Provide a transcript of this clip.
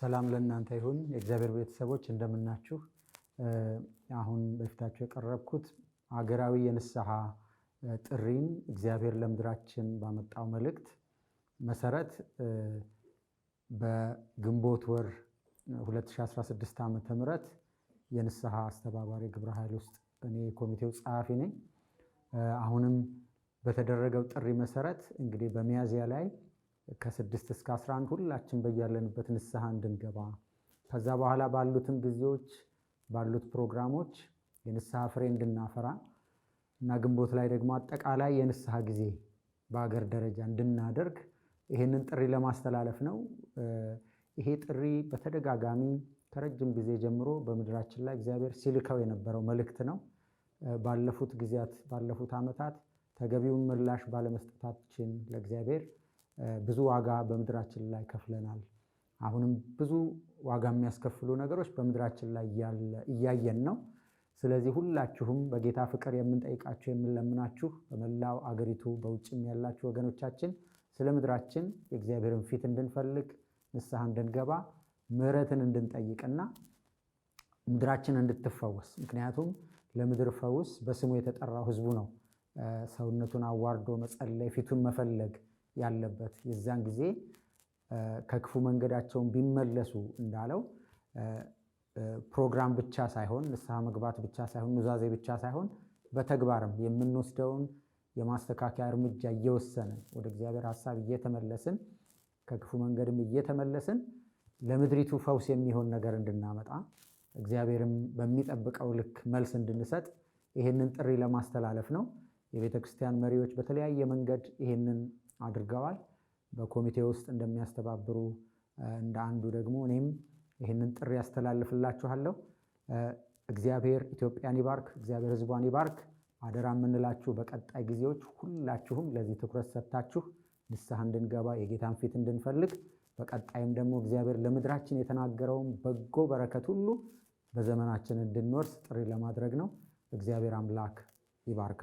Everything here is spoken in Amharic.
ሰላም ለእናንተ ይሁን የእግዚአብሔር ቤተሰቦች እንደምናችሁ። አሁን በፊታችሁ የቀረብኩት አገራዊ የንስሐ ጥሪን እግዚአብሔር ለምድራችን ባመጣው መልእክት መሰረት በግንቦት ወር 2016 ዓ ም የንስሐ አስተባባሪ ግብረ ኃይል ውስጥ እኔ የኮሚቴው ጸሐፊ ነኝ። አሁንም በተደረገው ጥሪ መሰረት እንግዲህ በሚያዝያ ላይ ከስድስት እስከ አስራ አንድ ሁላችን በያለንበት ንስሐ እንድንገባ ከዛ በኋላ ባሉትም ጊዜዎች ባሉት ፕሮግራሞች የንስሐ ፍሬ እንድናፈራ እና ግንቦት ላይ ደግሞ አጠቃላይ የንስሐ ጊዜ በሀገር ደረጃ እንድናደርግ ይህንን ጥሪ ለማስተላለፍ ነው። ይሄ ጥሪ በተደጋጋሚ ከረጅም ጊዜ ጀምሮ በምድራችን ላይ እግዚአብሔር ሲልከው የነበረው መልእክት ነው። ባለፉት ጊዜያት ባለፉት ዓመታት ተገቢውን ምላሽ ባለመስጠታችን ለእግዚአብሔር ብዙ ዋጋ በምድራችን ላይ ከፍለናል። አሁንም ብዙ ዋጋ የሚያስከፍሉ ነገሮች በምድራችን ላይ እያየን ነው። ስለዚህ ሁላችሁም በጌታ ፍቅር የምንጠይቃችሁ የምንለምናችሁ በመላው አገሪቱ በውጭም ያላችሁ ወገኖቻችን ስለ ምድራችን የእግዚአብሔርን ፊት እንድንፈልግ ንስሐ እንድንገባ ምሕረትን እንድንጠይቅና ምድራችን እንድትፈወስ ምክንያቱም ለምድር ፈውስ በስሙ የተጠራው ሕዝቡ ነው። ሰውነቱን አዋርዶ መጸለይ፣ ፊቱን መፈለግ ያለበት የዛን ጊዜ ከክፉ መንገዳቸውን ቢመለሱ እንዳለው ፕሮግራም ብቻ ሳይሆን ንስሐ መግባት ብቻ ሳይሆን ኑዛዜ ብቻ ሳይሆን በተግባርም የምንወስደውን የማስተካከያ እርምጃ እየወሰነ ወደ እግዚአብሔር ሀሳብ እየተመለስን ከክፉ መንገድም እየተመለስን ለምድሪቱ ፈውስ የሚሆን ነገር እንድናመጣ እግዚአብሔርም በሚጠብቀው ልክ መልስ እንድንሰጥ ይህንን ጥሪ ለማስተላለፍ ነው። የቤተክርስቲያን መሪዎች በተለያየ መንገድ ይህንን አድርገዋል። በኮሚቴ ውስጥ እንደሚያስተባብሩ እንደ አንዱ ደግሞ እኔም ይህንን ጥሪ ያስተላልፍላችኋለሁ። እግዚአብሔር ኢትዮጵያን ይባርክ፣ እግዚአብሔር ሕዝቧን ይባርክ። አደራ የምንላችሁ በቀጣይ ጊዜዎች ሁላችሁም ለዚህ ትኩረት ሰጥታችሁ ንስሐ እንድንገባ የጌታን ፊት እንድንፈልግ በቀጣይም ደግሞ እግዚአብሔር ለምድራችን የተናገረውን በጎ በረከት ሁሉ በዘመናችን እንድንወርስ ጥሪ ለማድረግ ነው። እግዚአብሔር አምላክ ይባርካል።